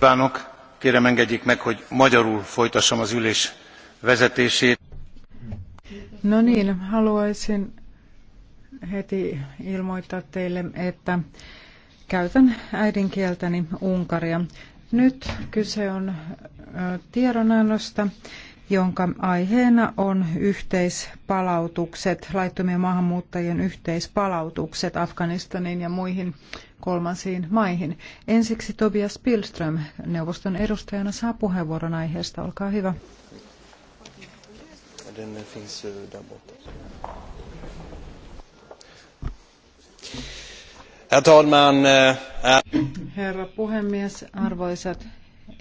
kvánok! kérem engedjék meg hogy magyarul folytassam az ülés vezetését. No niin, haluaisin heti ilmoittaa teille, että käytän äidinkieltäni Unkaria. Nyt kyse on tiedonannosta jonka aiheena on yhteispalautukset, laittomien maahanmuuttajien yhteispalautukset Afganistaniin ja muihin kolmansiin maihin. Ensiksi Tobias Pilström neuvoston edustajana saa puheenvuoron aiheesta. Olkaa hyvä. Uh, uh, uh Herra puhemies, arvoisat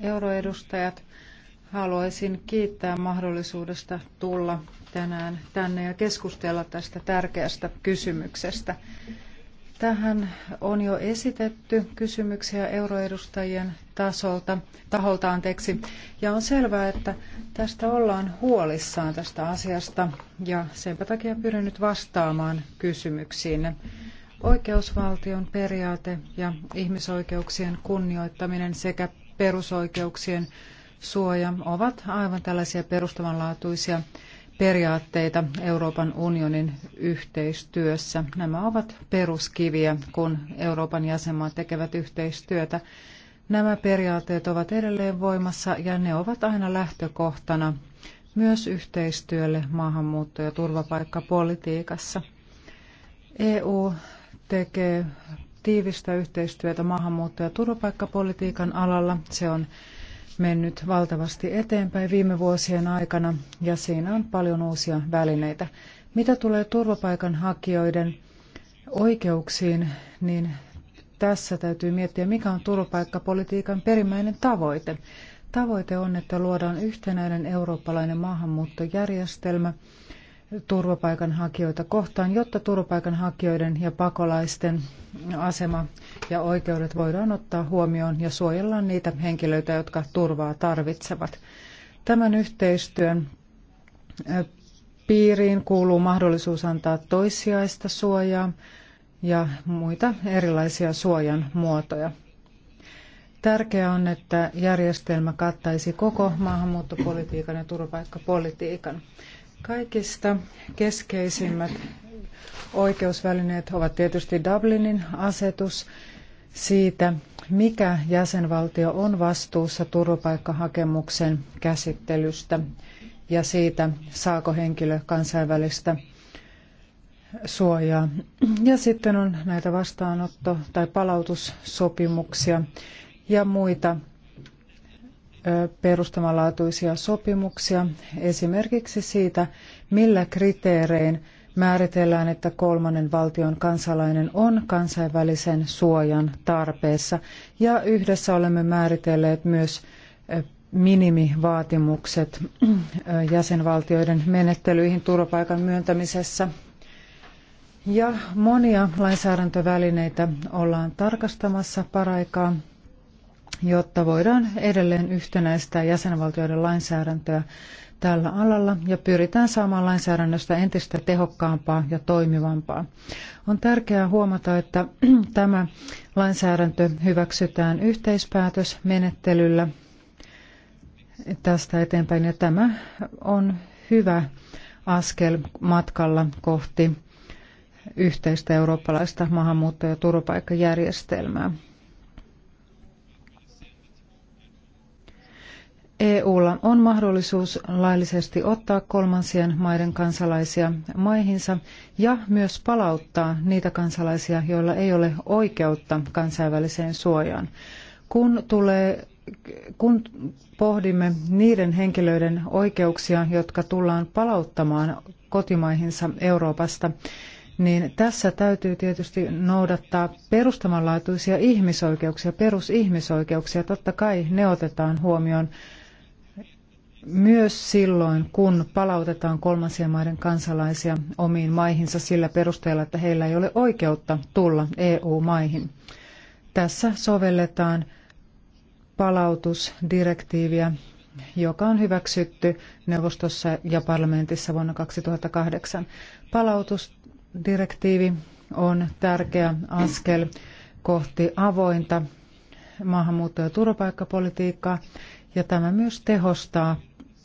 euroedustajat, Haluaisin kiittää mahdollisuudesta tulla tänään tänne ja keskustella tästä tärkeästä kysymyksestä. Tähän on jo esitetty kysymyksiä euroedustajien tasolta, taholta anteeksi, ja on selvää, että tästä ollaan huolissaan tästä asiasta, ja senpä takia pyrin nyt vastaamaan kysymyksiin. Oikeusvaltion periaate ja ihmisoikeuksien kunnioittaminen sekä perusoikeuksien suoja ovat aivan tällaisia perustavanlaatuisia periaatteita Euroopan unionin yhteistyössä. Nämä ovat peruskiviä, kun Euroopan jäsenmaat tekevät yhteistyötä. Nämä periaatteet ovat edelleen voimassa ja ne ovat aina lähtökohtana myös yhteistyölle maahanmuutto- ja turvapaikkapolitiikassa. EU tekee tiivistä yhteistyötä maahanmuutto- ja turvapaikkapolitiikan alalla. Se on mennyt valtavasti eteenpäin viime vuosien aikana ja siinä on paljon uusia välineitä. Mitä tulee turvapaikanhakijoiden oikeuksiin, niin tässä täytyy miettiä, mikä on turvapaikkapolitiikan perimmäinen tavoite. Tavoite on, että luodaan yhtenäinen eurooppalainen maahanmuuttojärjestelmä, turvapaikanhakijoita kohtaan, jotta turvapaikanhakijoiden ja pakolaisten asema ja oikeudet voidaan ottaa huomioon ja suojellaan niitä henkilöitä, jotka turvaa tarvitsevat. Tämän yhteistyön piiriin kuuluu mahdollisuus antaa toissijaista suojaa ja muita erilaisia suojan muotoja. Tärkeää on, että järjestelmä kattaisi koko maahanmuuttopolitiikan ja turvapaikkapolitiikan. Kaikista keskeisimmät oikeusvälineet ovat tietysti Dublinin asetus siitä, mikä jäsenvaltio on vastuussa turvapaikkahakemuksen käsittelystä ja siitä, saako henkilö kansainvälistä suojaa. Ja sitten on näitä vastaanotto- tai palautussopimuksia ja muita perustamanlaatuisia sopimuksia esimerkiksi siitä, millä kriteerein määritellään, että kolmannen valtion kansalainen on kansainvälisen suojan tarpeessa. Ja yhdessä olemme määritelleet myös minimivaatimukset jäsenvaltioiden menettelyihin turvapaikan myöntämisessä. Ja monia lainsäädäntövälineitä ollaan tarkastamassa paraikaa jotta voidaan edelleen yhtenäistää jäsenvaltioiden lainsäädäntöä tällä alalla ja pyritään saamaan lainsäädännöstä entistä tehokkaampaa ja toimivampaa. On tärkeää huomata, että tämä lainsäädäntö hyväksytään yhteispäätösmenettelyllä tästä eteenpäin ja tämä on hyvä askel matkalla kohti yhteistä eurooppalaista maahanmuutto- ja turvapaikkajärjestelmää. EUlla on mahdollisuus laillisesti ottaa kolmansien maiden kansalaisia maihinsa ja myös palauttaa niitä kansalaisia, joilla ei ole oikeutta kansainväliseen suojaan. Kun, tulee, kun pohdimme niiden henkilöiden oikeuksia, jotka tullaan palauttamaan kotimaihinsa Euroopasta, niin tässä täytyy tietysti noudattaa perustavanlaatuisia ihmisoikeuksia, perusihmisoikeuksia. Totta kai ne otetaan huomioon myös silloin, kun palautetaan kolmansien maiden kansalaisia omiin maihinsa sillä perusteella, että heillä ei ole oikeutta tulla EU-maihin. Tässä sovelletaan palautusdirektiiviä, joka on hyväksytty neuvostossa ja parlamentissa vuonna 2008. Palautusdirektiivi on tärkeä askel kohti avointa maahanmuutto- ja turvapaikkapolitiikkaa, ja tämä myös tehostaa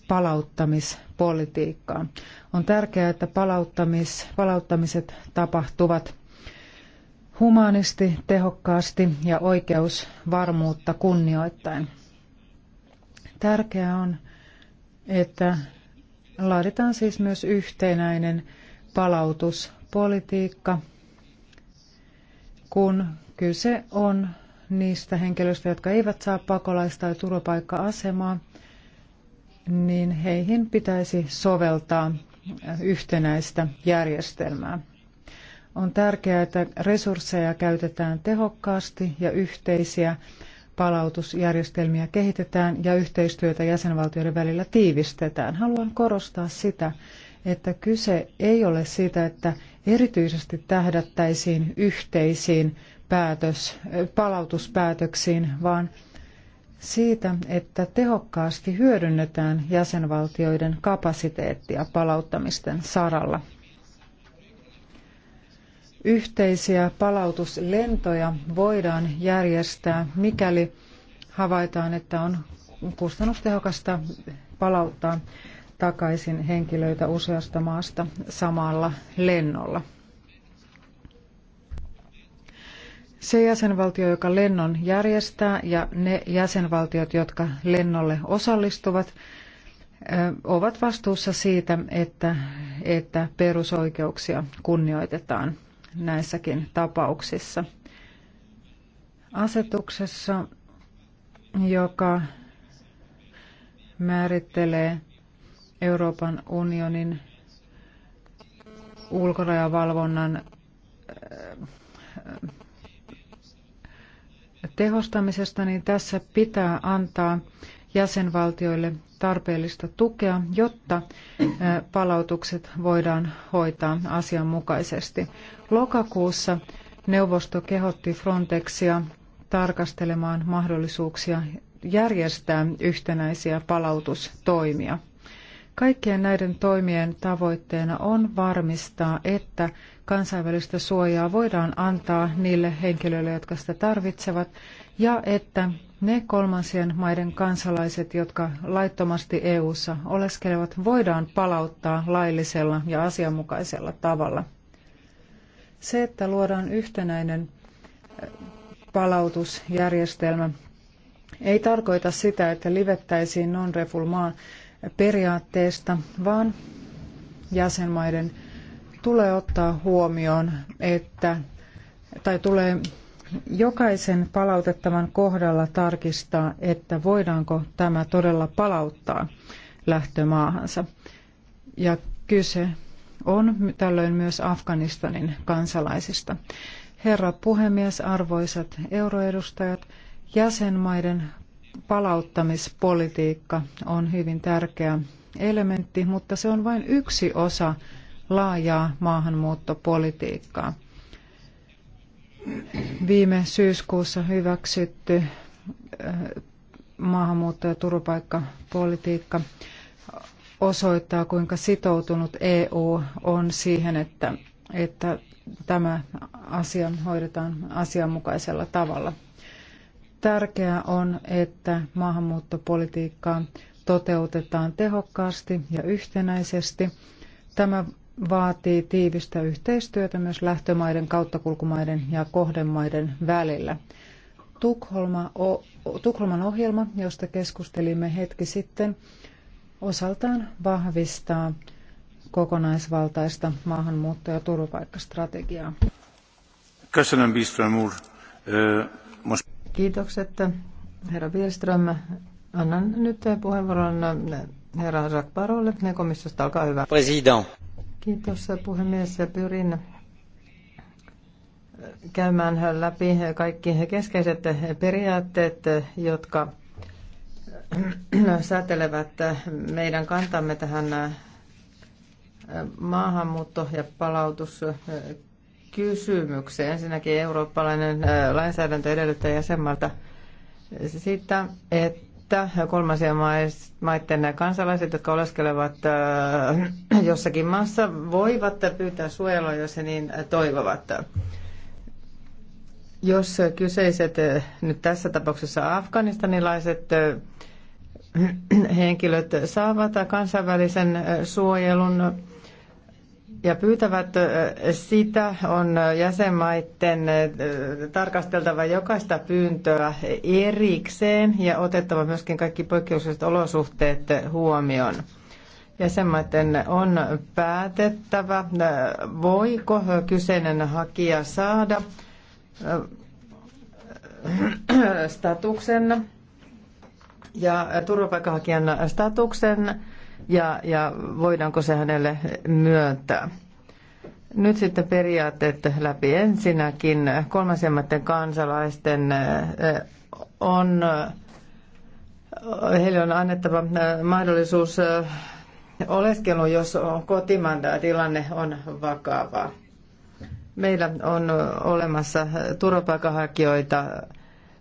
palauttamispolitiikkaan. On tärkeää, että palauttamis, palauttamiset tapahtuvat humanisti, tehokkaasti ja oikeusvarmuutta kunnioittaen. Tärkeää on, että laaditaan siis myös yhtenäinen palautuspolitiikka, kun kyse on niistä henkilöistä, jotka eivät saa pakolaista tai turvapaikka-asemaa – niin heihin pitäisi soveltaa yhtenäistä järjestelmää. On tärkeää, että resursseja käytetään tehokkaasti ja yhteisiä palautusjärjestelmiä kehitetään ja yhteistyötä jäsenvaltioiden välillä tiivistetään. Haluan korostaa sitä, että kyse ei ole siitä, että erityisesti tähdättäisiin yhteisiin päätös, palautuspäätöksiin, vaan siitä, että tehokkaasti hyödynnetään jäsenvaltioiden kapasiteettia palauttamisten saralla. Yhteisiä palautuslentoja voidaan järjestää, mikäli havaitaan, että on kustannustehokasta palauttaa takaisin henkilöitä useasta maasta samalla lennolla. Se jäsenvaltio, joka lennon järjestää ja ne jäsenvaltiot, jotka lennolle osallistuvat, ovat vastuussa siitä, että, että perusoikeuksia kunnioitetaan näissäkin tapauksissa. Asetuksessa, joka määrittelee Euroopan unionin ulkorajavalvonnan tehostamisesta, niin tässä pitää antaa jäsenvaltioille tarpeellista tukea, jotta palautukset voidaan hoitaa asianmukaisesti. Lokakuussa neuvosto kehotti Frontexia tarkastelemaan mahdollisuuksia järjestää yhtenäisiä palautustoimia. Kaikkien näiden toimien tavoitteena on varmistaa, että kansainvälistä suojaa voidaan antaa niille henkilöille, jotka sitä tarvitsevat, ja että ne kolmansien maiden kansalaiset, jotka laittomasti EU:ssa oleskelevat, voidaan palauttaa laillisella ja asianmukaisella tavalla. Se, että luodaan yhtenäinen äh, palautusjärjestelmä, ei tarkoita sitä, että livettäisiin non-refulmaan periaatteesta, vaan jäsenmaiden tulee ottaa huomioon, että tai tulee jokaisen palautettavan kohdalla tarkistaa, että voidaanko tämä todella palauttaa lähtömaahansa. Ja kyse on tällöin myös Afganistanin kansalaisista. Herra puhemies, arvoisat euroedustajat, jäsenmaiden palauttamispolitiikka on hyvin tärkeä elementti, mutta se on vain yksi osa laajaa maahanmuuttopolitiikkaa. Viime syyskuussa hyväksytty maahanmuutto- ja turvapaikkapolitiikka osoittaa, kuinka sitoutunut EU on siihen, että, että tämä asia hoidetaan asianmukaisella tavalla. Tärkeää on, että maahanmuuttopolitiikkaa toteutetaan tehokkaasti ja yhtenäisesti. Tämä vaatii tiivistä yhteistyötä myös lähtömaiden, kauttakulkumaiden ja kohdemaiden välillä. Tukholma, Tukholman ohjelma, josta keskustelimme hetki sitten, osaltaan vahvistaa kokonaisvaltaista maahanmuutto- ja turvapaikkastrategiaa. Köszönöm, Kiitokset, herra Wielström. Annan nyt puheenvuoron herra Jacques ne komissiosta. Olkaa hyvä. President. Kiitos puhemies. Pyrin käymään läpi kaikki keskeiset periaatteet, jotka säätelevät meidän kantamme tähän maahanmuutto- ja palautus kysymykseen. Ensinnäkin eurooppalainen äh, lainsäädäntö edellyttää jäsenmaalta sitä, että kolmansien maiden kansalaiset, jotka oleskelevat äh, jossakin maassa, voivat pyytää suojelua, jos he niin toivovat. Jos kyseiset äh, nyt tässä tapauksessa afganistanilaiset henkilöt saavat kansainvälisen suojelun, ja pyytävät sitä, on jäsenmaiden tarkasteltava jokaista pyyntöä erikseen ja otettava myöskin kaikki poikkeukselliset olosuhteet huomioon. Jäsenmaiden on päätettävä, voiko kyseinen hakija saada statuksen ja turvapaikanhakijan statuksen ja, ja voidaanko se hänelle myöntää. Nyt sitten periaatteet läpi ensinnäkin. Kolmasemmatten kansalaisten eh, on, eh, heille on annettava eh, mahdollisuus oleskelu, jos kotimaan tilanne on vakava. Meillä on olemassa turvapaikanhakijoita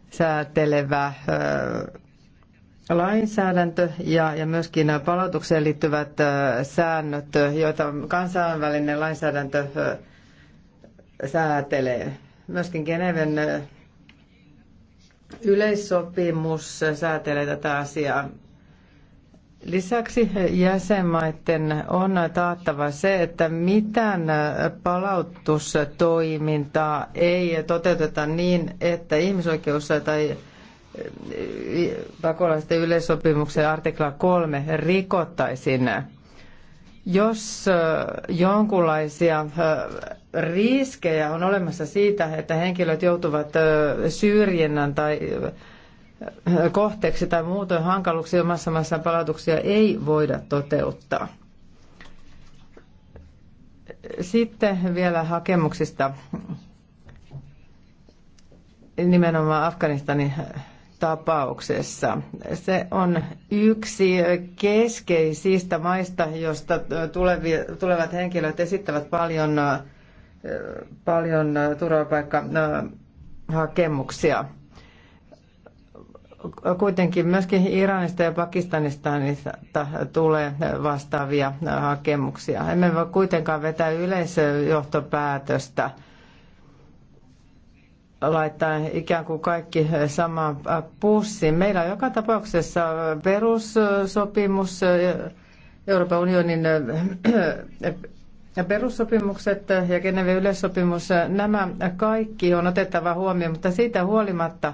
säätelevä lainsäädäntö ja, ja myöskin palautukseen liittyvät äh, säännöt, joita kansainvälinen lainsäädäntö äh, säätelee. Myöskin Geneven äh, yleissopimus säätelee tätä asiaa. Lisäksi jäsenmaiden on taattava se, että mitään palautustoimintaa ei toteuteta niin, että ihmisoikeus- tai pakolaisten yleissopimuksen artikla 3 rikottaisiin. Jos jonkunlaisia riskejä on olemassa siitä, että henkilöt joutuvat syrjinnän tai kohteeksi tai muutoin hankaluksi omassa maassaan palautuksia ei voida toteuttaa. Sitten vielä hakemuksista nimenomaan Afganistanin tapauksessa. Se on yksi keskeisistä maista, josta tulevat henkilöt esittävät paljon, paljon turvapaikkahakemuksia. Kuitenkin myöskin Iranista ja Pakistanista tulee vastaavia hakemuksia. Emme voi kuitenkaan vetää johtopäätöstä laittaa ikään kuin kaikki sama pussiin. Meillä on joka tapauksessa perussopimus, Euroopan unionin perussopimukset ja Geneven yleissopimus, nämä kaikki on otettava huomioon, mutta siitä huolimatta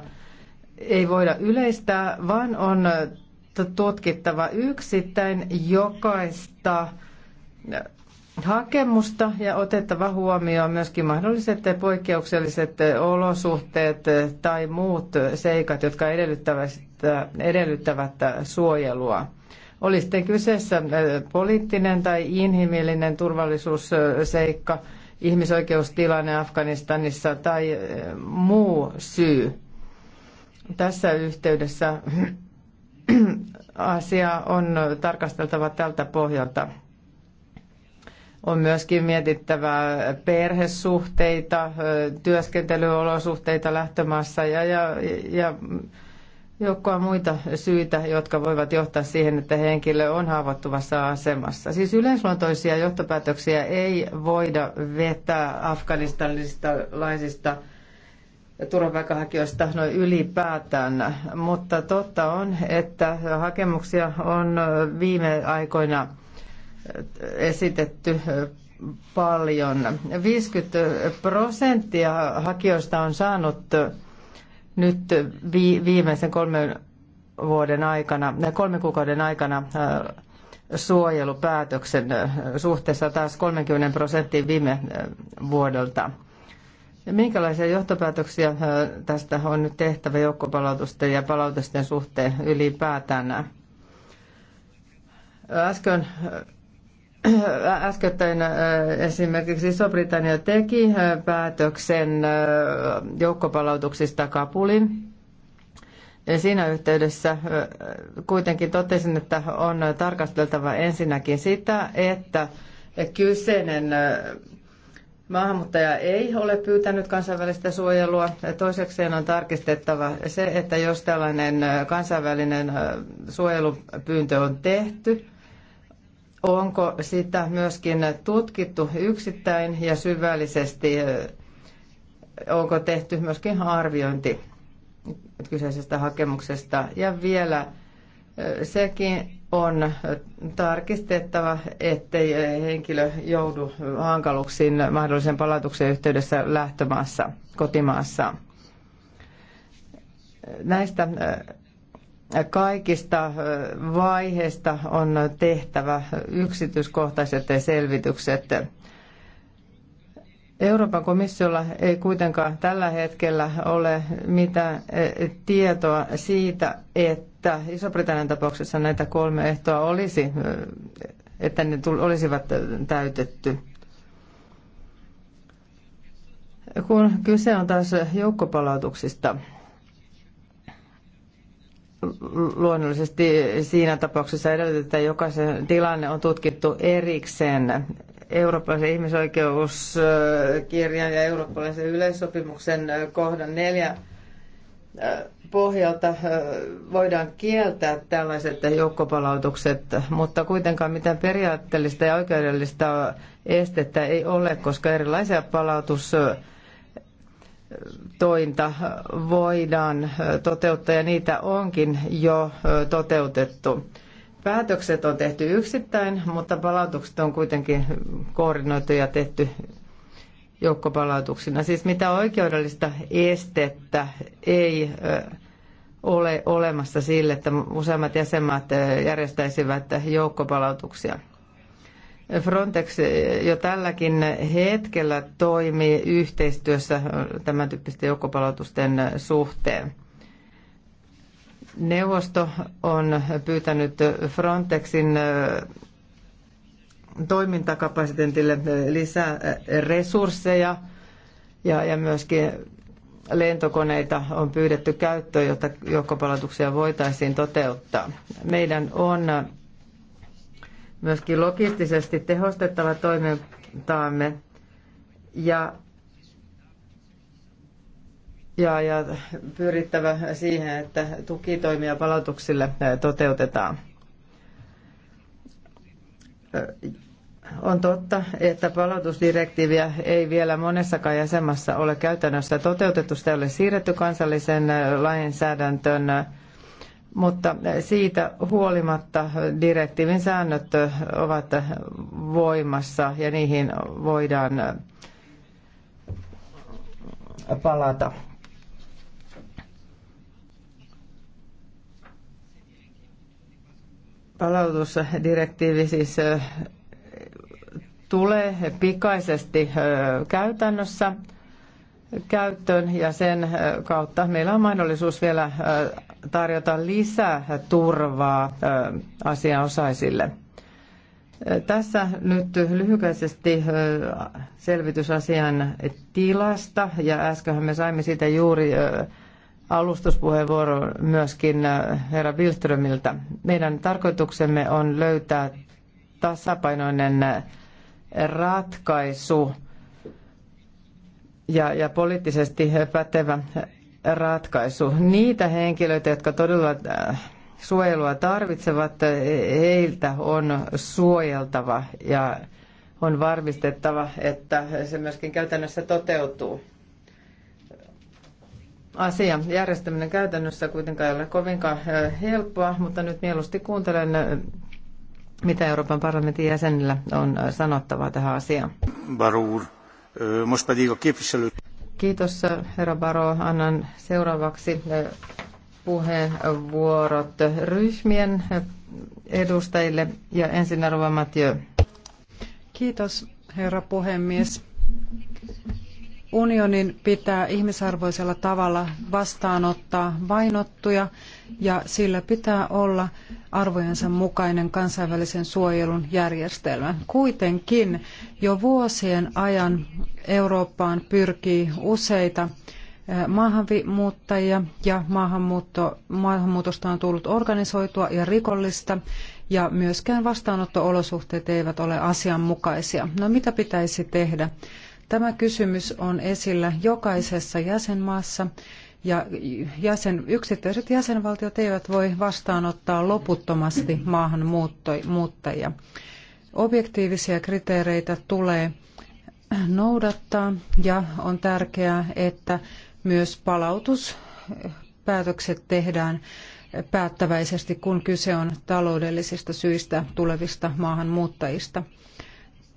ei voida yleistää, vaan on tutkittava yksittäin jokaista hakemusta ja otettava huomioon myöskin mahdolliset poikkeukselliset olosuhteet tai muut seikat, jotka edellyttävät, edellyttävät suojelua. Oli sitten kyseessä poliittinen tai inhimillinen turvallisuusseikka, ihmisoikeustilanne Afganistanissa tai muu syy. Tässä yhteydessä asia on tarkasteltava tältä pohjalta. On myöskin mietittävä perhesuhteita, työskentelyolosuhteita lähtömaassa ja, ja, ja joukkoa muita syitä, jotka voivat johtaa siihen, että henkilö on haavoittuvassa asemassa. Siis yleisluontoisia johtopäätöksiä ei voida vetää afganistanista laisista turvapaikanhakijoista noin ylipäätään, mutta totta on, että hakemuksia on viime aikoina – esitetty paljon. 50 prosenttia hakijoista on saanut nyt viimeisen kolmen vuoden aikana, kolmen kuukauden aikana äh, suojelupäätöksen äh, suhteessa taas 30 prosenttiin viime äh, vuodelta. Minkälaisia johtopäätöksiä tästä on nyt tehtävä joukkopalautusten ja palautusten suhteen ylipäätään? Äsken Äh, äskettäin äh, esimerkiksi Iso-Britannia teki äh, päätöksen joukkopalautuksista Ja Siinä yhteydessä kuitenkin totesin, että on tarkasteltava ensinnäkin sitä, että kyseinen maahanmuuttaja ei ole pyytänyt kansainvälistä suojelua. Toisekseen on tarkistettava se, että jos tällainen kansainvälinen suojelupyyntö on tehty – Onko sitä myöskin tutkittu yksittäin ja syvällisesti? Onko tehty myöskin arviointi kyseisestä hakemuksesta? Ja vielä sekin on tarkistettava, ettei henkilö joudu hankaluksiin mahdollisen palautuksen yhteydessä lähtömaassa, kotimaassa. Näistä kaikista vaiheista on tehtävä yksityiskohtaiset selvitykset. Euroopan komissiolla ei kuitenkaan tällä hetkellä ole mitään tietoa siitä, että Iso-Britannian tapauksessa näitä kolme ehtoa olisi, että ne olisivat täytetty. Kun kyse on taas joukkopalautuksista, luonnollisesti siinä tapauksessa edellytetään, että jokaisen tilanne on tutkittu erikseen. Eurooppalaisen ihmisoikeuskirjan ja eurooppalaisen yleissopimuksen kohdan neljä äh, pohjalta äh, voidaan kieltää tällaiset joukkopalautukset, mutta kuitenkaan mitään periaatteellista ja oikeudellista estettä ei ole, koska erilaisia palautus tointa voidaan toteuttaa ja niitä onkin jo toteutettu. Päätökset on tehty yksittäin, mutta palautukset on kuitenkin koordinoitu ja tehty joukkopalautuksina. Siis mitä oikeudellista estettä ei ole olemassa sille, että useimmat jäsenmaat järjestäisivät joukkopalautuksia. Frontex jo tälläkin hetkellä toimii yhteistyössä tämän tyyppisten joukkopalautusten suhteen. Neuvosto on pyytänyt Frontexin äh, toimintakapasiteetille lisää äh, resursseja ja, ja myöskin lentokoneita on pyydetty käyttöön, jotta joukkopalautuksia voitaisiin toteuttaa. Meidän on myöskin logistisesti tehostettava toimintaamme ja, ja, ja pyrittävä siihen, että tukitoimia palautuksille toteutetaan. On totta, että palautusdirektiiviä ei vielä monessakaan jäsenmassa ole käytännössä toteutettu. Sitä ei ole siirretty kansallisen lainsäädäntöön mutta eh, siitä huolimatta direktiivin säännöt eh, ovat voimassa ja niihin voidaan eh, palata. Palautusdirektiivi siis tulee pikaisesti käytännössä käyttöön ja sen kautta meillä on mahdollisuus vielä tarjota lisää turvaa asianosaisille. Tässä nyt lyhykäisesti selvitysasian tilasta, ja äskenhän me saimme siitä juuri alustuspuheenvuoro myöskin herra Wilströmiltä. Meidän tarkoituksemme on löytää tasapainoinen ratkaisu ja, ja poliittisesti pätevä ratkaisu. Niitä henkilöitä, jotka todella äh, suojelua tarvitsevat, äh, heiltä on suojeltava ja on varmistettava, että se myöskin käytännössä toteutuu. Asia järjestäminen käytännössä kuitenkaan ei ole kovinkaan äh, helppoa, mutta nyt mieluusti kuuntelen, mitä Euroopan parlamentin jäsenillä on sanottavaa tähän asiaan. Barur. Most Kiitos, herra Baro. Annan seuraavaksi eh, puheenvuorot ryhmien eh, edustajille ja ensin Arva Mathieu. Kiitos, herra puhemies. Unionin pitää ihmisarvoisella tavalla vastaanottaa vainottuja ja sillä pitää olla arvojensa mukainen kansainvälisen suojelun järjestelmä. Kuitenkin jo vuosien ajan Eurooppaan pyrkii useita eh, maahanmuuttajia ja maahanmuutto, maahanmuutosta on tullut organisoitua ja rikollista ja myöskään vastaanottoolosuhteet eivät ole asianmukaisia. No mitä pitäisi tehdä? Tämä kysymys on esillä jokaisessa jäsenmaassa ja jäsen, yksittäiset jäsenvaltiot eivät voi vastaanottaa loputtomasti maahanmuuttajia. Objektiivisia kriteereitä tulee noudattaa ja on tärkeää, että myös palautuspäätökset tehdään päättäväisesti, kun kyse on taloudellisista syistä tulevista maahanmuuttajista.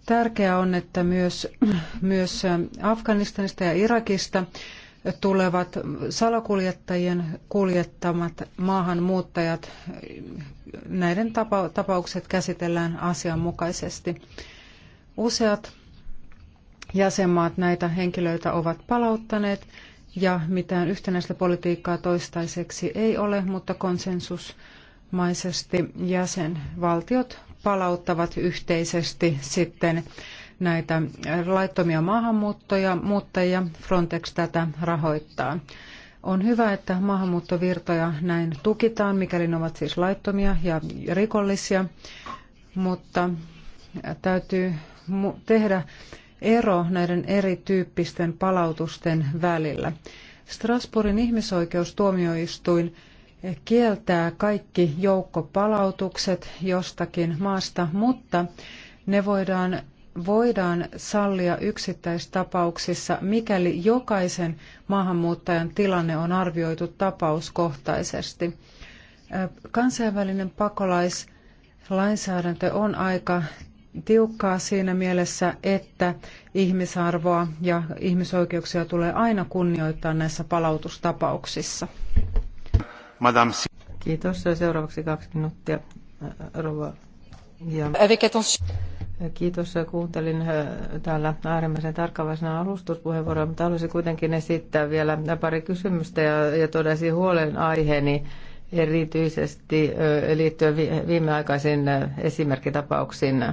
Tärkeää on, että myös, myös Afganistanista ja Irakista tulevat salakuljettajien kuljettamat maahanmuuttajat, näiden tapaukset käsitellään asianmukaisesti. Useat jäsenmaat näitä henkilöitä ovat palauttaneet ja mitään yhtenäistä politiikkaa toistaiseksi ei ole, mutta konsensusmaisesti jäsenvaltiot palauttavat yhteisesti sitten näitä laittomia maahanmuuttoja, muuttajia. Frontex tätä rahoittaa. On hyvä, että maahanmuuttovirtoja näin tukitaan, mikäli ne ovat siis laittomia ja rikollisia, mutta täytyy tehdä ero näiden erityyppisten palautusten välillä. Strasbourgin ihmisoikeustuomioistuin kieltää kaikki joukkopalautukset jostakin maasta, mutta ne voidaan, voidaan sallia yksittäistapauksissa, mikäli jokaisen maahanmuuttajan tilanne on arvioitu tapauskohtaisesti. Kansainvälinen pakolaislainsäädäntö on aika tiukkaa siinä mielessä, että ihmisarvoa ja ihmisoikeuksia tulee aina kunnioittaa näissä palautustapauksissa. Madame. Kiitos. Seuraavaksi kaksi minuuttia. Rova. Ja... Kiitos. Kuuntelin täällä äärimmäisen tarkkavaisena alustuspuheenvuoroa, mutta haluaisin kuitenkin esittää vielä pari kysymystä ja, ja todesi aiheeni erityisesti liittyen viimeaikaisiin esimerkkitapauksiin.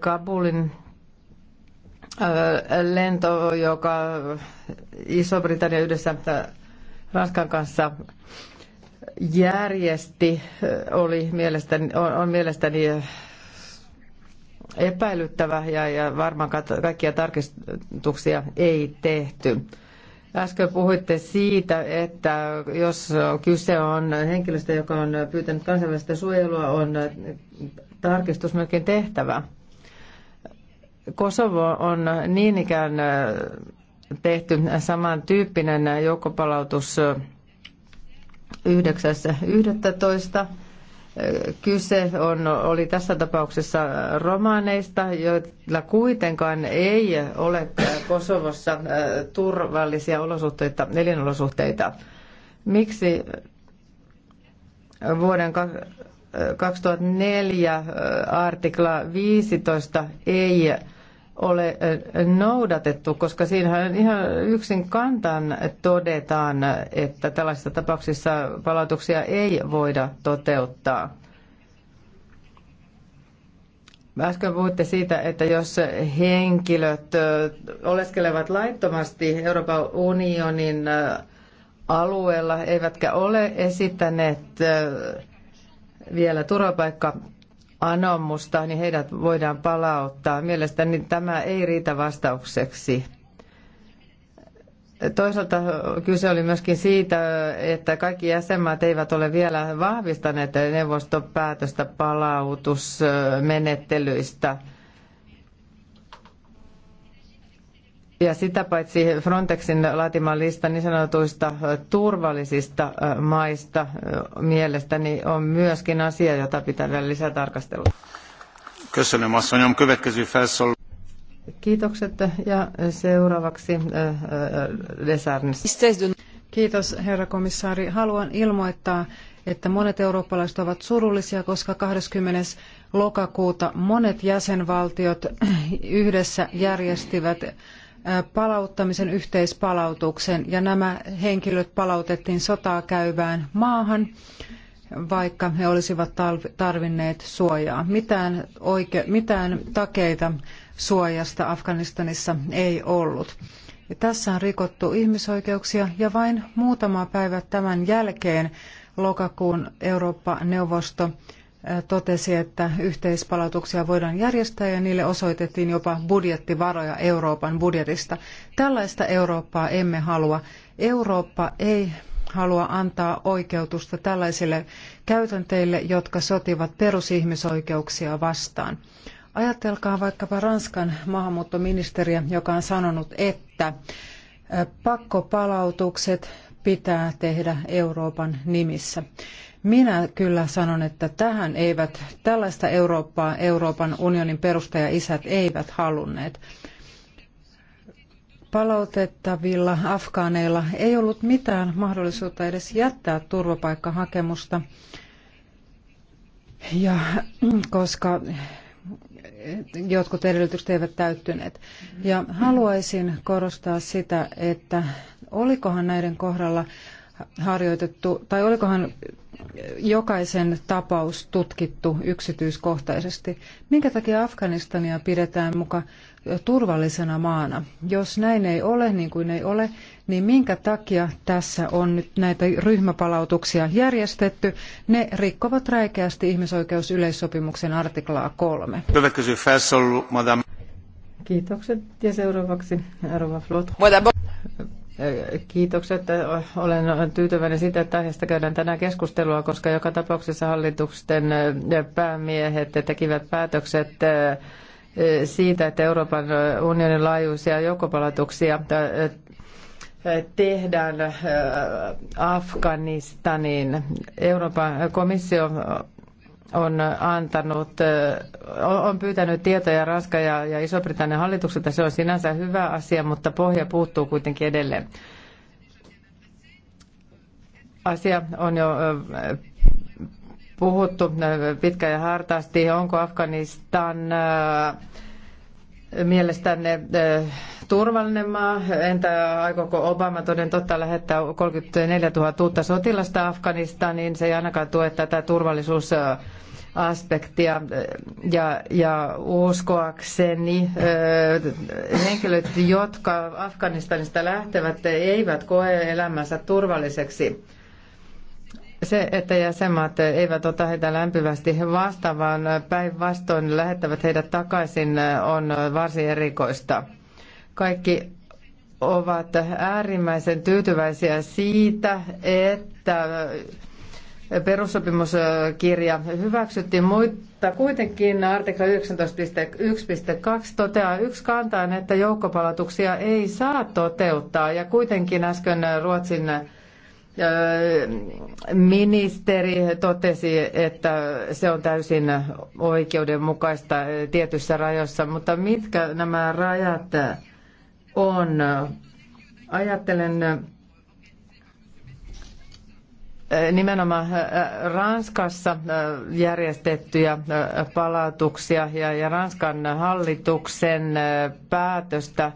Kabulin lento, joka Iso-Britannia yhdessä Ranskan kanssa järjesti, oli mielestäni, on, on mielestäni epäilyttävä ja, ja varmaan kaikkia tarkistuksia ei tehty. Äsken puhuitte siitä, että jos kyse on henkilöstä, joka on pyytänyt kansainvälistä suojelua, on tarkistus melkein tehtävä. Kosovo on niin ikään tehty samantyyppinen joukkopalautus 9.11. Kyse on, oli tässä tapauksessa romaaneista, joilla kuitenkaan ei ole Kosovossa äh, turvallisia olosuhteita, elinolosuhteita. Miksi vuoden 2004 äh, äh, artikla 15 ei ole noudatettu, koska siinähän ihan yksin kantan todetaan, että tällaisissa tapauksissa palautuksia ei voida toteuttaa. Äsken puhutte siitä, että jos henkilöt oleskelevat laittomasti Euroopan unionin alueella, eivätkä ole esittäneet vielä turvapaikka anomusta, niin heidät voidaan palauttaa. Mielestäni tämä ei riitä vastaukseksi. Toisaalta kyse oli myöskin siitä, että kaikki jäsenmaat eivät ole vielä vahvistaneet neuvoston päätöstä palautusmenettelyistä – Ja sitä paitsi Frontexin laatima lista niin sanotuista turvallisista maista mielestäni on myöskin asia, jota pitää vielä lisää tarkastella. Kiitokset ja seuraavaksi Desarnes. Kiitos herra komissaari. Haluan ilmoittaa, että monet eurooppalaiset ovat surullisia, koska 20. lokakuuta monet jäsenvaltiot yhdessä järjestivät palauttamisen, yhteispalautuksen. Ja nämä henkilöt palautettiin sotaa käyvään maahan, vaikka he olisivat tarvinneet suojaa. Mitään, oike- mitään takeita suojasta Afganistanissa ei ollut. Ja tässä on rikottu ihmisoikeuksia ja vain muutama päivä tämän jälkeen lokakuun Eurooppa-neuvosto totesi, että yhteispalautuksia voidaan järjestää ja niille osoitettiin jopa budjettivaroja Euroopan budjetista. Tällaista Eurooppaa emme halua. Eurooppa ei halua antaa oikeutusta tällaisille käytänteille, jotka sotivat perusihmisoikeuksia vastaan. Ajatelkaa vaikkapa Ranskan maahanmuuttoministeriä, joka on sanonut, että pakkopalautukset pitää tehdä Euroopan nimissä. Minä kyllä sanon, että tähän eivät, tällaista Eurooppaa Euroopan unionin perustajaisät eivät halunneet. Palautettavilla afgaaneilla ei ollut mitään mahdollisuutta edes jättää turvapaikkahakemusta, ja, koska jotkut edellytykset eivät täyttyneet. Ja haluaisin korostaa sitä, että olikohan näiden kohdalla harjoitettu, tai olikohan jokaisen tapaus tutkittu yksityiskohtaisesti. Minkä takia Afganistania pidetään muka turvallisena maana? Jos näin ei ole, niin kuin ei ole, niin minkä takia tässä on nyt näitä ryhmäpalautuksia järjestetty? Ne rikkovat räikeästi ihmisoikeusyleissopimuksen artiklaa kolme. Kiitokset ja seuraavaksi Rova Flot. Kiitokset. Olen tyytyväinen siitä, että aiheesta käydään tänään keskustelua, koska joka tapauksessa hallituksen päämiehet tekivät päätökset eh, siitä, että Euroopan unionin laajuisia joukkopalautuksia eh, tehdään eh, Afganistaniin. Euroopan komissio on antanut, on pyytänyt tietoja Ranska ja, ja Iso-Britannian hallitukselta. Se on sinänsä hyvä asia, mutta pohja puuttuu kuitenkin edelleen. Asia on jo puhuttu pitkä ja hartaasti. Onko Afganistan mielestänne turvallinen maa? Entä aikooko Obama toden totta lähettää 34 000 uutta sotilasta Afganistaniin? Se ei ainakaan tue tätä turvallisuus aspektia ja, ja uskoakseni henkilöt, jotka Afganistanista lähtevät, eivät koe elämänsä turvalliseksi. Se, että jäsenmaat eivät ota heitä lämpimästi vastaan, vaan päinvastoin lähettävät heidät takaisin, on varsin erikoista. Kaikki ovat äärimmäisen tyytyväisiä siitä, että perussopimuskirja hyväksyttiin, mutta kuitenkin artikla 19.1.2 toteaa yksi kantaan, että joukkopalautuksia ei saa toteuttaa. Ja kuitenkin äsken Ruotsin ministeri totesi, että se on täysin oikeudenmukaista tietyssä rajoissa, mutta mitkä nämä rajat on. Ajattelen äh, nimenomaan äh, Ranskassa äh, järjestettyjä palautuksia ja Ranskan hallituksen päätöstä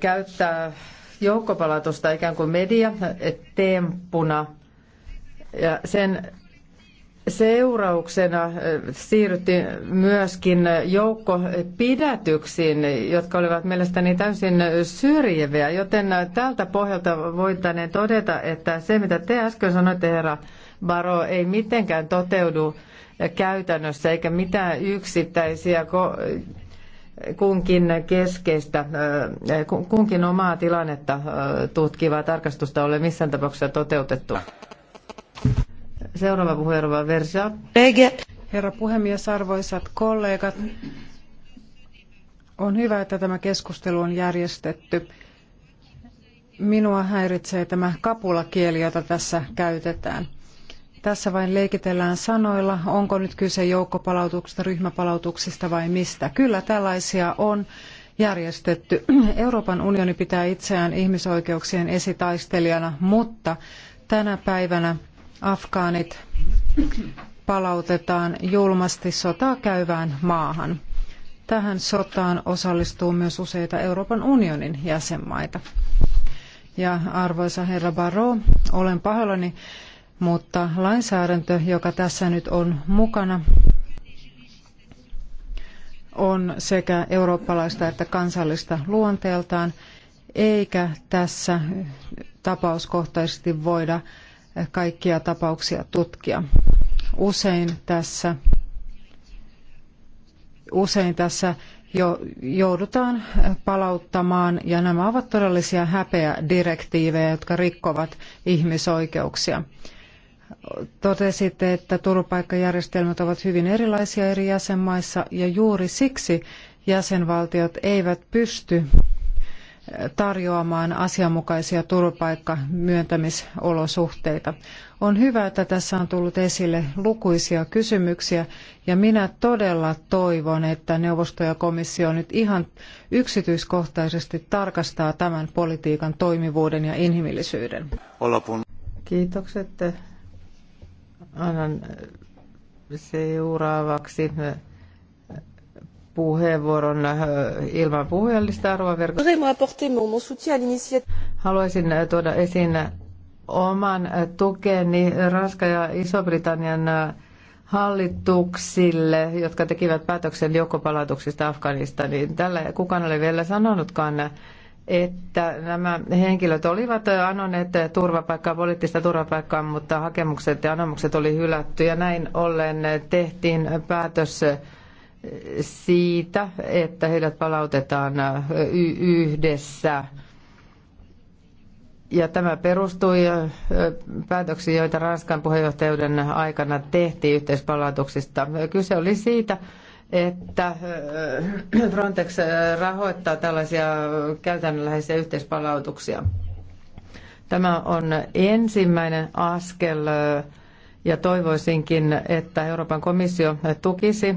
käyttää joukkopalautusta ikään kuin temppuna ja sen seurauksena siirryttiin myöskin joukkopidätyksiin, jotka olivat mielestäni täysin syrjiviä, joten tältä pohjalta voitaneen todeta, että se mitä te äsken sanoitte, herra Baro, ei mitenkään toteudu käytännössä eikä mitään yksittäisiä kunkin keskeistä, kunkin omaa tilannetta tutkivaa tarkastusta ole missään tapauksessa toteutettu. Seuraava puheenjohtaja Versa. Herra puhemies, arvoisat kollegat. On hyvä, että tämä keskustelu on järjestetty. Minua häiritsee tämä kapulakieli, jota tässä käytetään. Tässä vain leikitellään sanoilla, onko nyt kyse joukkopalautuksesta, ryhmäpalautuksista vai mistä. Kyllä tällaisia on järjestetty. Euroopan unioni pitää itseään ihmisoikeuksien esitaistelijana, mutta tänä päivänä afgaanit palautetaan julmasti sotaa käyvään maahan. Tähän sotaan osallistuu myös useita Euroopan unionin jäsenmaita. Ja arvoisa herra Baro, olen pahoillani, mutta lainsäädäntö, joka tässä nyt on mukana, on sekä eurooppalaista että kansallista luonteeltaan, eikä tässä tapauskohtaisesti voida kaikkia tapauksia tutkia. Usein tässä, usein tässä jo joudutaan palauttamaan, ja nämä ovat todellisia häpeädirektiivejä, jotka rikkovat ihmisoikeuksia. Totesitte, että turvapaikkajärjestelmät ovat hyvin erilaisia eri jäsenmaissa, ja juuri siksi jäsenvaltiot eivät pysty tarjoamaan asianmukaisia turvapaikkamyöntämisolosuhteita. On hyvä, että tässä on tullut esille lukuisia kysymyksiä ja minä todella toivon, että neuvosto ja komissio nyt ihan yksityiskohtaisesti tarkastaa tämän politiikan toimivuuden ja inhimillisyyden. Kiitokset. Annan seuraavaksi puheenvuoron äh, ilman puhujalista arvoverkosta. Haluaisin äh, tuoda esiin äh, oman tukeni Ranska ja Iso-Britannian hallituksille, jotka tekivät päätöksen joukkopalautuksista Afganistaniin. Tällä kukaan ole vielä sanonutkaan, että nämä henkilöt olivat anoneet turvapaikkaa, poliittista turvapaikkaa, mutta hakemukset ja anomukset oli hylätty ja näin ollen tehtiin päätös siitä, että heidät palautetaan yhdessä. Ja tämä perustui päätöksiin, joita Ranskan puheenjohtajuuden aikana tehtiin yhteispalautuksista. Kyse oli siitä, että Frontex rahoittaa tällaisia käytännönläheisiä yhteispalautuksia. Tämä on ensimmäinen askel ja toivoisinkin, että Euroopan komissio tukisi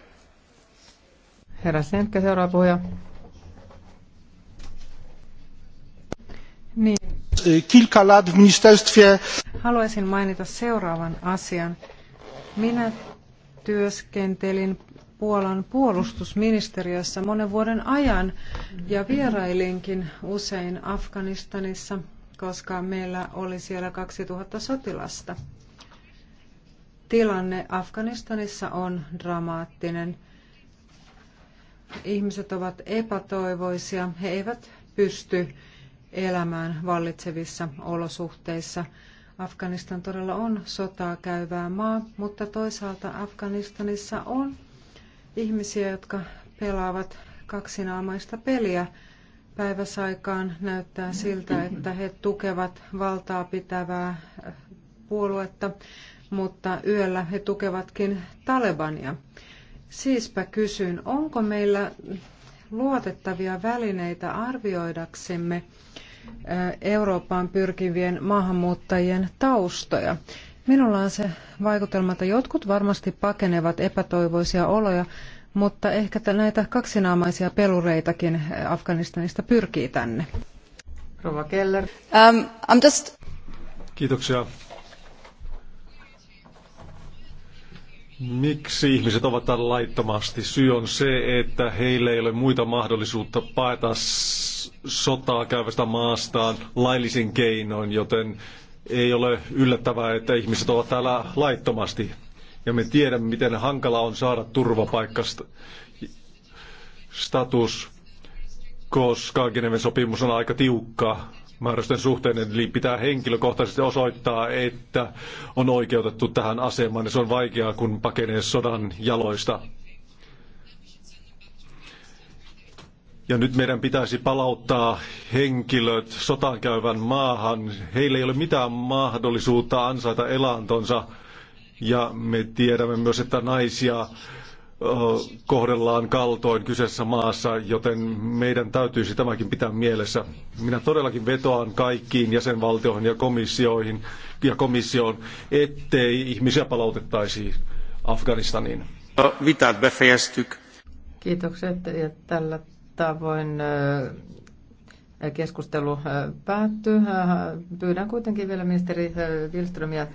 Herra Senkkä, seuraava puhuja. Niin. Kilka lat w ministerstwie. Haluaisin mainita seuraavan asian. Minä työskentelin Puolan puolustusministeriössä monen vuoden ajan ja vierailinkin usein Afganistanissa, koska meillä oli siellä 2000 sotilasta. Tilanne Afganistanissa on dramaattinen – Ihmiset ovat epätoivoisia, he eivät pysty elämään vallitsevissa olosuhteissa. Afganistan todella on sotaa käyvää maa, mutta toisaalta Afganistanissa on ihmisiä, jotka pelaavat kaksinaamaista peliä. Päiväsaikaan näyttää siltä, että he tukevat valtaa pitävää puoluetta, mutta yöllä he tukevatkin Talebania. Siispä kysyn, onko meillä luotettavia välineitä arvioidaksemme Eurooppaan pyrkivien maahanmuuttajien taustoja? Minulla on se vaikutelma, että jotkut varmasti pakenevat epätoivoisia oloja, mutta ehkä näitä kaksinaamaisia pelureitakin Afganistanista pyrkii tänne. Rova Keller. Um, I'm just... Kiitoksia. Miksi ihmiset ovat täällä laittomasti? Syy on se, että heillä ei ole muita mahdollisuutta paeta sotaa käyvästä maastaan laillisin keinoin, joten ei ole yllättävää, että ihmiset ovat täällä laittomasti. Ja me tiedämme, miten hankala on saada turvapaikkastatus, koska Geneven sopimus on aika tiukka määräysten suhteen, eli pitää henkilökohtaisesti osoittaa, että on oikeutettu tähän asemaan, ja se on vaikeaa, kun pakenee sodan jaloista. Ja nyt meidän pitäisi palauttaa henkilöt sotaan käyvän maahan. Heillä ei ole mitään mahdollisuutta ansaita elantonsa. Ja me tiedämme myös, että naisia kohdellaan kaltoin kyseessä maassa, joten meidän täytyisi tämäkin pitää mielessä. Minä todellakin vetoan kaikkiin jäsenvaltioihin ja komissioihin ja komissioon, ettei ihmisiä palautettaisi Afganistaniin. Vitat no, befejeztük. Kiitokset ja tällä tavoin keskustelu päättyy. Pyydän kuitenkin vielä ministeri Wilströmiä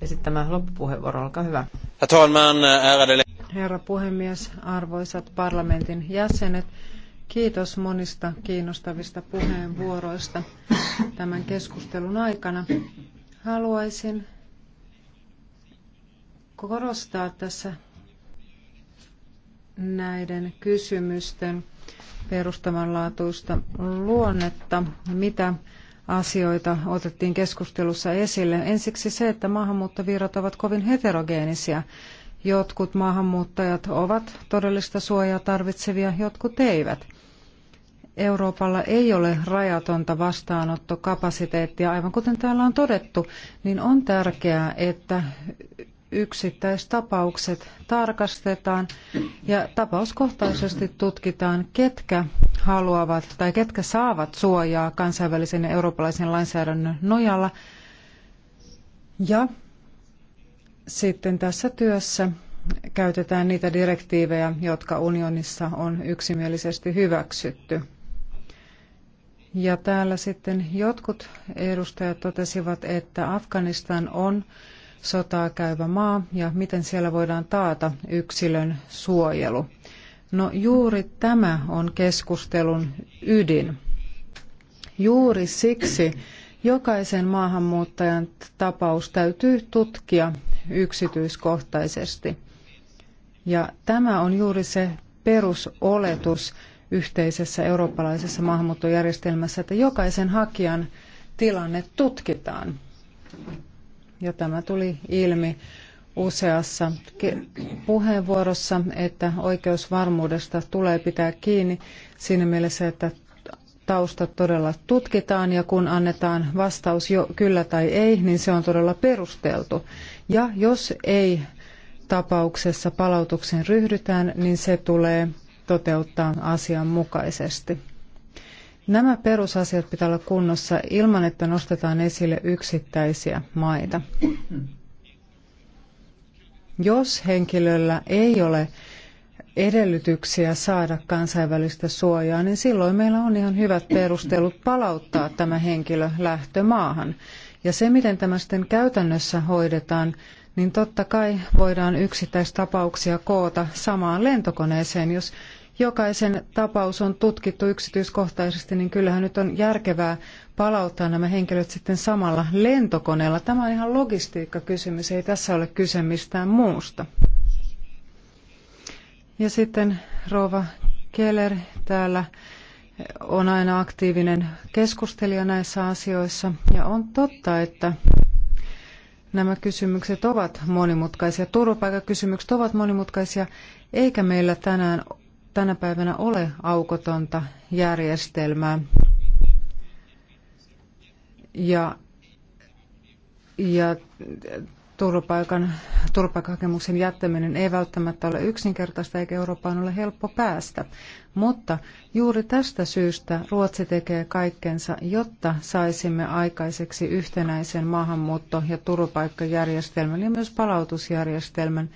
esittämään loppupuheenvuoro. Olkaa hyvä. Herr talman, ärade herra puhemies, arvoisat parlamentin jäsenet. Kiitos monista kiinnostavista puheenvuoroista tämän keskustelun aikana. Haluaisin korostaa tässä näiden kysymysten perustavanlaatuista luonnetta, mitä asioita otettiin keskustelussa esille. Ensiksi se, että maahanmuuttovirrat ovat kovin heterogeenisia. Jotkut maahanmuuttajat ovat todellista suojaa tarvitsevia, jotkut eivät. Euroopalla ei ole rajatonta vastaanottokapasiteettia, aivan kuten täällä on todettu, niin on tärkeää, että yksittäistapaukset tarkastetaan ja tapauskohtaisesti tutkitaan, ketkä haluavat tai ketkä saavat suojaa kansainvälisen ja eurooppalaisen lainsäädännön nojalla ja sitten tässä työssä käytetään niitä direktiivejä, jotka unionissa on yksimielisesti hyväksytty. Ja täällä sitten jotkut edustajat totesivat, että Afganistan on sotaa käyvä maa ja miten siellä voidaan taata yksilön suojelu. No juuri tämä on keskustelun ydin. Juuri siksi jokaisen maahanmuuttajan tapaus täytyy tutkia yksityiskohtaisesti. Ja tämä on juuri se perusoletus yhteisessä eurooppalaisessa maahanmuuttojärjestelmässä, että jokaisen hakijan tilanne tutkitaan. Ja tämä tuli ilmi useassa puheenvuorossa, että oikeusvarmuudesta tulee pitää kiinni siinä mielessä, että taustat todella tutkitaan ja kun annetaan vastaus jo kyllä tai ei, niin se on todella perusteltu. Ja jos ei tapauksessa palautuksen ryhdytään, niin se tulee toteuttaa asianmukaisesti. Nämä perusasiat pitää olla kunnossa ilman, että nostetaan esille yksittäisiä maita. Jos henkilöllä ei ole edellytyksiä saada kansainvälistä suojaa, niin silloin meillä on ihan hyvät perustelut palauttaa tämä henkilö lähtömaahan. Ja se, miten tämä sitten käytännössä hoidetaan, niin totta kai voidaan yksittäistapauksia koota samaan lentokoneeseen. Jos jokaisen tapaus on tutkittu yksityiskohtaisesti, niin kyllähän nyt on järkevää palauttaa nämä henkilöt sitten samalla lentokoneella. Tämä on ihan logistiikkakysymys, ei tässä ole kyse mistään muusta. Ja sitten Rova Keller täällä on aina aktiivinen keskustelija näissä asioissa ja on totta, että nämä kysymykset ovat monimutkaisia. Turvapaikkakysymykset ovat monimutkaisia, eikä meillä tänään, tänä päivänä ole aukotonta järjestelmää. Ja, ja turvapaikan, turvapaikkahakemuksen jättäminen ei välttämättä ole yksinkertaista eikä Eurooppaan ole helppo päästä. Mutta juuri tästä syystä Ruotsi tekee kaikkensa, jotta saisimme aikaiseksi yhtenäisen maahanmuutto- ja turvapaikkajärjestelmän ja myös palautusjärjestelmän,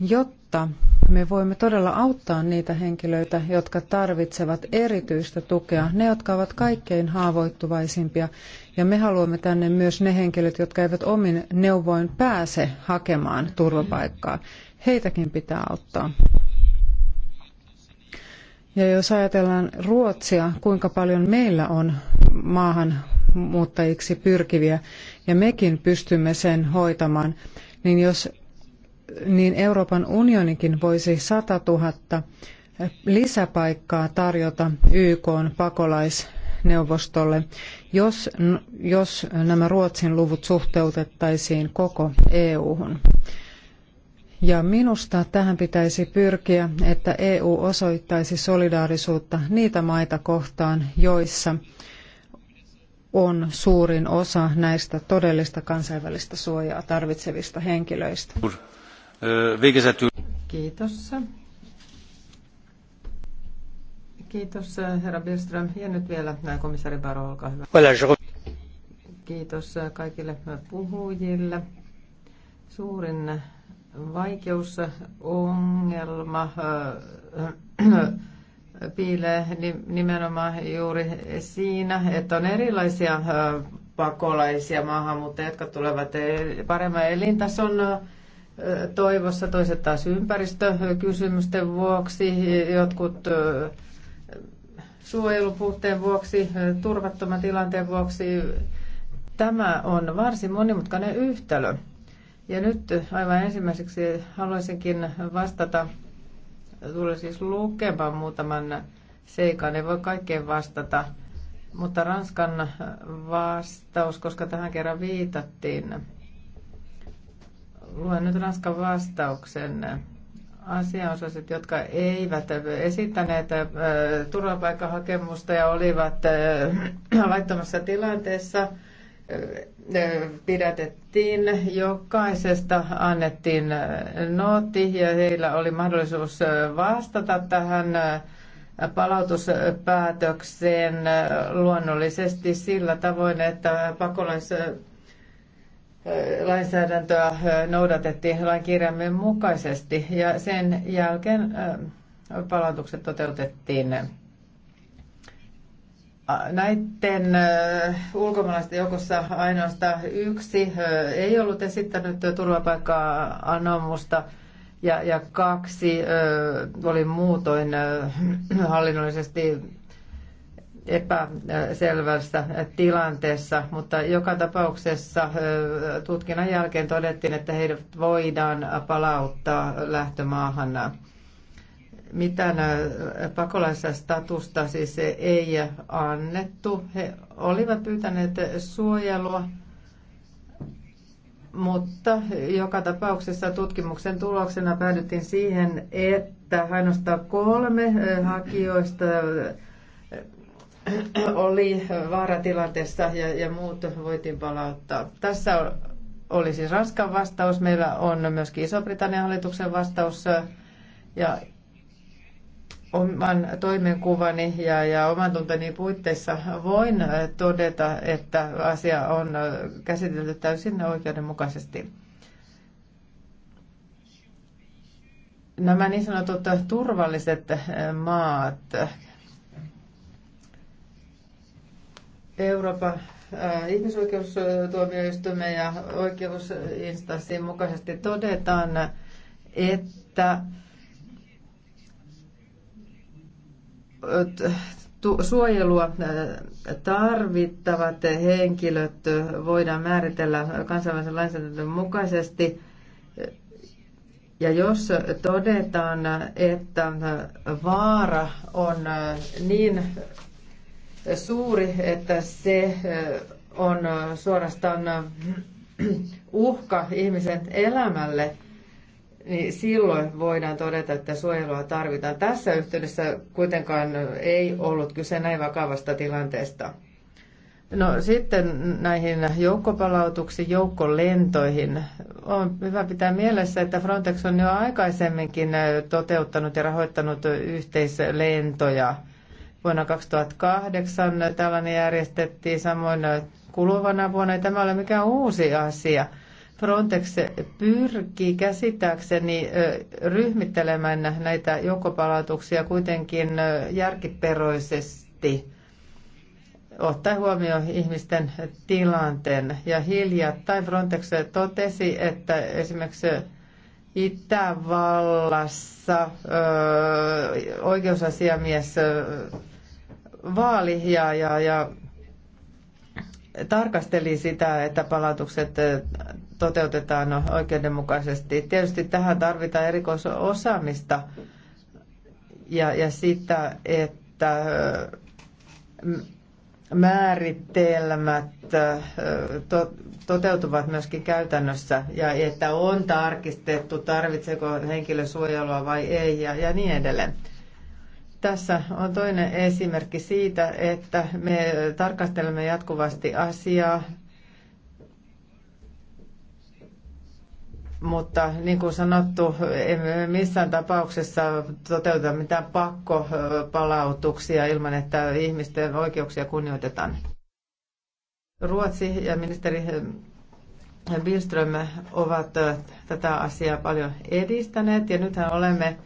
jotta me voimme todella auttaa niitä henkilöitä, jotka tarvitsevat erityistä tukea, ne, jotka ovat kaikkein haavoittuvaisimpia. Ja me haluamme tänne myös ne henkilöt, jotka eivät omin neuvoin pääse hakemaan turvapaikkaa. Heitäkin pitää auttaa. Ja jos ajatellaan Ruotsia, kuinka paljon meillä on muuttajiksi pyrkiviä, ja mekin pystymme sen hoitamaan, niin jos niin Euroopan unionikin voisi 100 000 lisäpaikkaa tarjota YK pakolaisneuvostolle, jos, jos nämä Ruotsin luvut suhteutettaisiin koko EU-hun. Ja minusta tähän pitäisi pyrkiä, että EU osoittaisi solidaarisuutta niitä maita kohtaan, joissa on suurin osa näistä todellista kansainvälistä suojaa tarvitsevista henkilöistä. Végezetül. Kiitos. Kiitos herra Birström. Ja nyt vielä näin komissaari Baro, olkaa hyvä. Kiitos kaikille puhujille. Suurin vaikeusongelma piilee nimenomaan juuri siinä, että on erilaisia pakolaisia maahanmuuttajia, jotka tulevat e-, paremman elintason toivossa, toiset taas ympäristökysymysten vuoksi, jotkut suojelupuutteen vuoksi, turvattoman tilanteen vuoksi. Tämä on varsin monimutkainen yhtälö. Ja nyt aivan ensimmäiseksi haluaisinkin vastata, tulee siis lukemaan muutaman seikan, ei voi kaikkeen vastata, mutta Ranskan vastaus, koska tähän kerran viitattiin, Luen nyt Ranskan vastauksen. Asianosaiset, jotka eivät esittäneet äh, turvapaikkahakemusta ja olivat äh, laittomassa tilanteessa, äh, pidätettiin. Jokaisesta annettiin nootti ja heillä oli mahdollisuus vastata tähän palautuspäätökseen luonnollisesti sillä tavoin, että pakolais lainsäädäntöä noudatettiin lain kirjaimen mukaisesti ja sen jälkeen palautukset toteutettiin. Näiden ulkomaalaisten joukossa ainoastaan yksi ei ollut esittänyt turvapaikkaa anomusta ja, ja kaksi oli muutoin hallinnollisesti epäselvässä tilanteessa, mutta joka tapauksessa tutkinnan jälkeen todettiin, että heidät voidaan palauttaa lähtömaahan. Mitään pakolaisen statusta siis ei annettu. He olivat pyytäneet suojelua, mutta joka tapauksessa tutkimuksen tuloksena päädyttiin siihen, että ainoastaan kolme hakijoista oli vaaratilanteessa ja, ja muut voitiin palauttaa. Tässä oli siis Ranskan vastaus, meillä on myöskin Iso-Britannian hallituksen vastaus ja oman toimenkuvani ja, ja oman tunteni puitteissa voin todeta, että asia on käsitelty täysin oikeudenmukaisesti. Nämä niin sanotut turvalliset maat Euroopan äh, ihmisoikeustuomioistuimen ja oikeusinstanssin mukaisesti todetaan, että suojelua äh, tarvittavat henkilöt voidaan määritellä kansainvälisen lainsäädännön mukaisesti. Ja jos todetaan, että vaara on äh, niin suuri, että se on suorastaan uhka ihmisen elämälle, niin silloin voidaan todeta, että suojelua tarvitaan. Tässä yhteydessä kuitenkaan ei ollut kyse näin vakavasta tilanteesta. No sitten näihin joukkopalautuksiin, joukkolentoihin. On hyvä pitää mielessä, että Frontex on jo aikaisemminkin toteuttanut ja rahoittanut yhteislentoja – Vuonna 2008 tällainen järjestettiin, samoin kuluvana vuonna. Ei tämä ole mikään uusi asia. Frontex pyrkii käsittääkseni ryhmittelemään näitä joukkopalautuksia kuitenkin järkiperoisesti ottaen huomioon ihmisten tilanteen. Ja hiljattain Frontex totesi, että esimerkiksi Itävallassa oikeusasiamies vaali ja, ja, ja tarkasteli sitä, että palautukset toteutetaan oikeudenmukaisesti. Tietysti tähän tarvitaan erikoisosaamista ja, ja sitä, että määritelmät to, toteutuvat myöskin käytännössä ja että on tarkistettu, tarvitseeko henkilö suojelua vai ei ja, ja niin edelleen. Tässä on toinen esimerkki siitä, että me tarkastelemme jatkuvasti asiaa, mutta niin kuin sanottu, emme missään tapauksessa toteuta mitään pakkopalautuksia ilman, että ihmisten oikeuksia kunnioitetaan. Ruotsi ja ministeri Bilström ovat tätä asiaa paljon edistäneet ja nythän olemme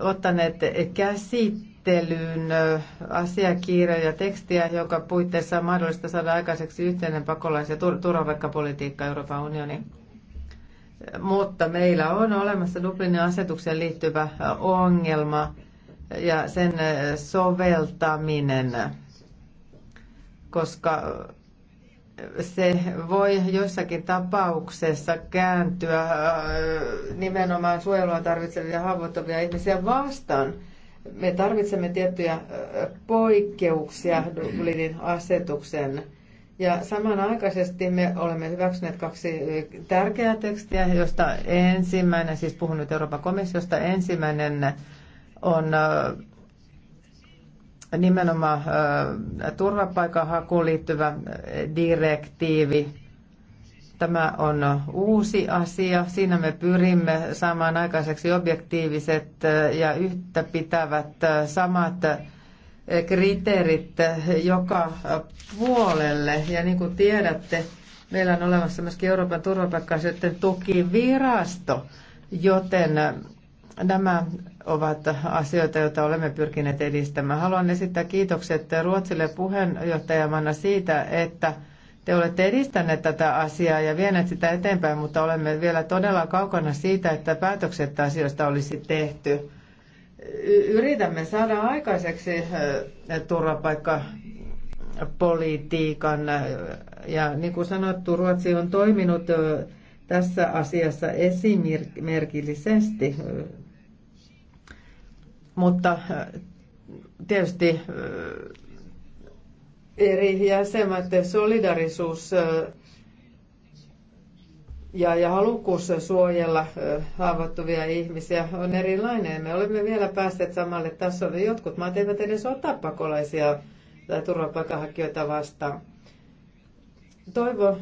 ottaneet käsittelyyn asiakirjoja, tekstiä, jonka puitteissa on mahdollista saada aikaiseksi yhteinen pakolais- ja turvapaikkapolitiikka Euroopan unionin. Mutta meillä on olemassa Dublinin asetukseen liittyvä ongelma ja sen soveltaminen, koska se voi jossakin tapauksessa kääntyä äh, nimenomaan suojelua tarvitsevia haavoittuvia ihmisiä vastaan. Me tarvitsemme tiettyjä äh, poikkeuksia Dublinin asetuksen. Ja samanaikaisesti me olemme hyväksyneet kaksi äh, tärkeää tekstiä, josta ensimmäinen, siis puhun nyt Euroopan komissiosta, ensimmäinen on nimenomaan turvapaikanhakuun liittyvä direktiivi. Tämä on uusi asia. Siinä me pyrimme saamaan aikaiseksi objektiiviset ja yhtä pitävät samat kriteerit joka puolelle. Ja niin kuin tiedätte, meillä on olemassa myöskin Euroopan turvapaikka-asioiden tukivirasto, joten Nämä ovat asioita, joita olemme pyrkineet edistämään. Haluan esittää kiitokset Ruotsille puheenjohtajamana siitä, että te olette edistäneet tätä asiaa ja vieneet sitä eteenpäin, mutta olemme vielä todella kaukana siitä, että päätökset asioista olisi tehty. Yritämme saada aikaiseksi eh, turvapaikkapolitiikan ja niin kuin sanottu, Ruotsi on toiminut eh, tässä asiassa esimerkillisesti mutta äh, tietysti äh, eri jäsenmaiden solidarisuus äh, ja, ja halukkuus suojella haavoittuvia ihmisiä on erilainen. Me olemme vielä päässeet samalle tasolle. Jotkut maat eivät edes ota pakolaisia tai turvapaikanhakijoita vastaan. Toivon,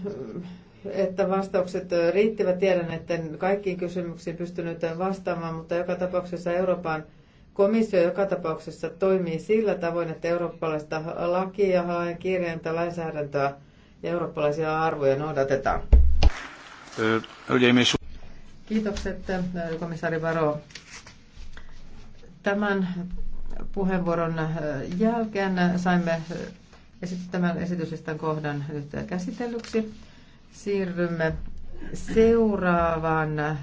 että vastaukset riittivät. Tiedän, että kaikkiin kysymyksiin pystynyt vastaamaan, mutta joka tapauksessa Euroopan Komissio joka tapauksessa toimii sillä tavoin, että eurooppalaista lakia, ja kirjainta, lainsäädäntöä ja eurooppalaisia arvoja noudatetaan. Kiitokset, komissaari Varo. Tämän puheenvuoron jälkeen saimme tämän esityslistan kohdan nyt käsitellyksi. Siirrymme seuraavaan